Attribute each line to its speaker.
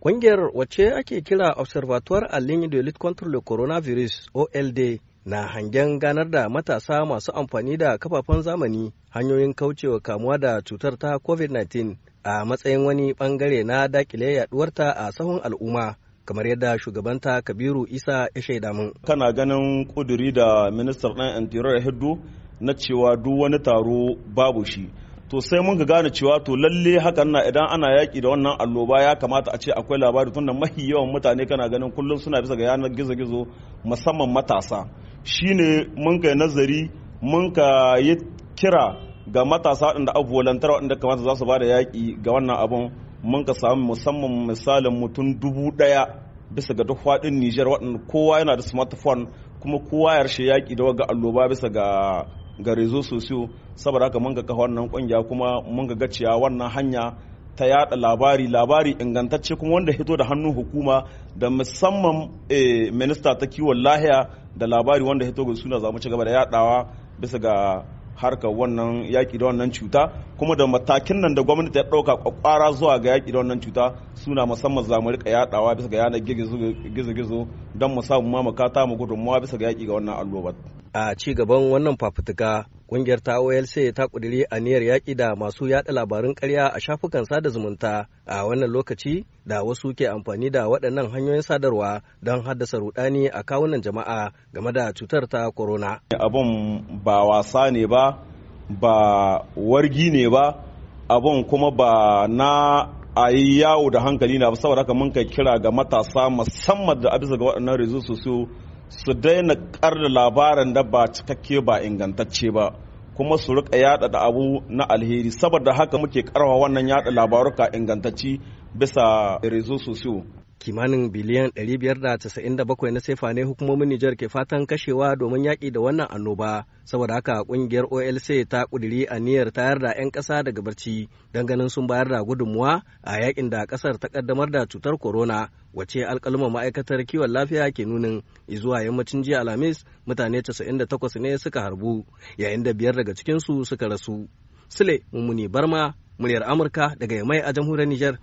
Speaker 1: Ƙungiyar wace ake kira Observatoire a ligne de lutte contre le coronavirus OLD na hangen ganar da matasa masu amfani da kafafen zamani hanyoyin kaucewa kamuwa da cutar ta COVID-19 a matsayin wani bangare na dakile yaduwarta
Speaker 2: a sahun al'umma. kamar yadda shugabanta kabiru isa ya shaida mun kana ganin kuduri da ministar ɗan interior hiddu na cewa duk wani taro babu shi to sai mun ga gane cewa to lalle hakan na idan ana yaki da wannan alloba ya kamata a ce akwai labari tunda mahi yawan mutane kana ganin kullum suna bisa ga yanar gizo-gizo musamman matasa shine mun kai nazari mun ka yi kira ga matasa waɗanda abu walantar waɗanda kamata za su ba da yaƙi ga wannan abun mun ka samu musamman misalin mutum dubu ɗaya bisa ga duk faɗin Nijar waɗanda kowa yana da smartphone kuma kowa yarshe yaƙi da waga alloba bisa ga ga rezo sosiyo saboda haka mun ga kafa wannan kungiya kuma mun ga gaciya wannan hanya ta yada labari labari ingantacce kuma wanda hito da hannun hukuma da musamman eh, minista ta kiwon lahiya da labari wanda hito ga suna za mu ci gaba da yadawa bisa ga harka wannan yaƙi da wannan cuta kuma da matakin nan da gwamnati ta dauka kwakwara zuwa ga yaƙi da wannan cuta suna musamman zamu rika yadawa bisa ga yanar gizo-gizo don mu samu mamaka ta mu gudunmuwa bisa ga yaƙi ga wannan allobar. a ci gaban wannan fafutuka kungiyar ta olc ta kudiri a
Speaker 1: aniyar yaƙi da masu yada labarun karya a shafukan sada zumunta a wannan lokaci da wasu ke amfani da waɗannan hanyoyin sadarwa don haddasa rudani a kawunan jama'a game da cutar ta corona
Speaker 2: abun ba wasa ne ba ba wargi ne ba abun kuma ba na a yi yawo da hankali na saboda haka mun kai kira ga matasa musamman da abisa ga waɗannan rezo su su daina karda labarin da ba cikakke ba ingantacce ba kuma su rika yada da abu na alheri saboda haka muke karawa wannan yada labaruka ingantacci bisa rezo sosiyo kimanin biliyan 597 na sefa ne hukumomin Nijar ke fatan
Speaker 1: kashewa domin yaƙi da wannan annoba saboda haka ƙungiyar OLC ta ƙudiri niyyar tayar da 'yan ƙasa daga barci don ganin sun bayar da gudunmuwa a yaƙin da ƙasar ta ƙaddamar da cutar corona wace alƙaluma ma'aikatar kiwon lafiya ke nunin zuwa yammacin jiya alhamis mutane 98 ne suka harbu yayin da biyar daga cikinsu suka rasu. Sule Mummuni Barma, muryar Amurka daga Yamai a jamhuriyar Nijar.